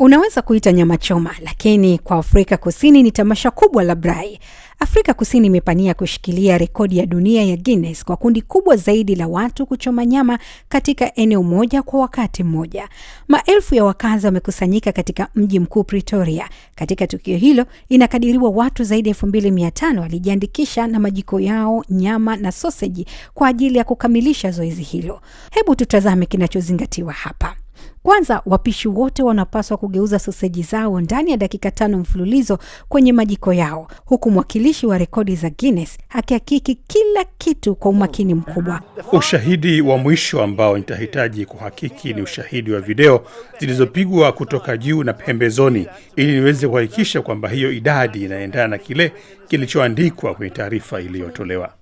Unaweza kuita nyama choma, lakini kwa Afrika Kusini ni tamasha kubwa la brai. Afrika Kusini imepania kushikilia rekodi ya dunia ya Guinness kwa kundi kubwa zaidi la watu kuchoma nyama katika eneo moja kwa wakati mmoja. Maelfu ya wakazi wamekusanyika katika mji mkuu Pretoria. Katika tukio hilo, inakadiriwa watu zaidi ya elfu mbili mia tano walijiandikisha na majiko yao, nyama na soseji kwa ajili ya kukamilisha zoezi hilo. Hebu tutazame kinachozingatiwa hapa. Kwanza, wapishi wote wanapaswa kugeuza soseji zao ndani ya dakika tano mfululizo kwenye majiko yao, huku mwakilishi wa rekodi za Guinness akihakiki kila kitu kwa umakini mkubwa. Ushahidi wa mwisho ambao nitahitaji kuhakiki ni ushahidi wa video zilizopigwa kutoka juu na pembezoni, ili niweze kuhakikisha kwamba hiyo idadi inaendana na kile kilichoandikwa kwenye taarifa iliyotolewa.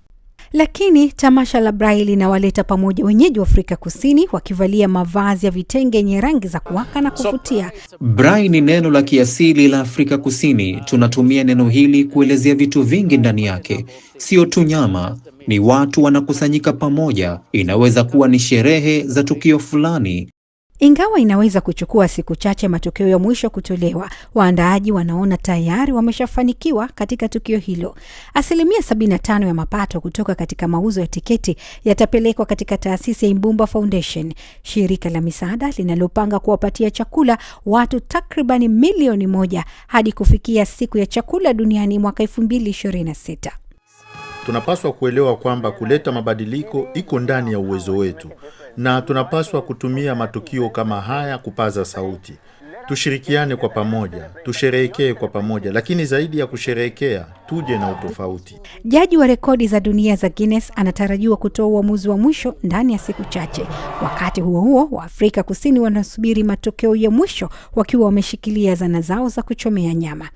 Lakini tamasha la Braille linawaleta pamoja wenyeji wa Afrika Kusini wakivalia mavazi ya vitenge yenye rangi za kuwaka na kuvutia. Braille ni neno la kiasili la Afrika Kusini. Tunatumia neno hili kuelezea vitu vingi ndani yake, sio tu nyama ni watu wanakusanyika pamoja. Inaweza kuwa ni sherehe za tukio fulani, ingawa inaweza kuchukua siku chache matokeo ya mwisho kutolewa, waandaaji wanaona tayari wameshafanikiwa katika tukio hilo. Asilimia 75 ya mapato kutoka katika mauzo ya tiketi yatapelekwa katika taasisi ya Imbumba Foundation, shirika la misaada linalopanga kuwapatia chakula watu takribani milioni moja hadi kufikia siku ya chakula duniani mwaka 2026. Tunapaswa kuelewa kwamba kuleta mabadiliko iko ndani ya uwezo wetu, na tunapaswa kutumia matukio kama haya kupaza sauti. Tushirikiane kwa pamoja, tusherehekee kwa pamoja, lakini zaidi ya kusherehekea, tuje na utofauti. Jaji wa rekodi za dunia za Guinness anatarajiwa kutoa uamuzi wa mwisho ndani ya siku chache. Wakati huo huo, Waafrika Kusini wanasubiri matokeo ya mwisho wakiwa wameshikilia zana zao za kuchomea nyama.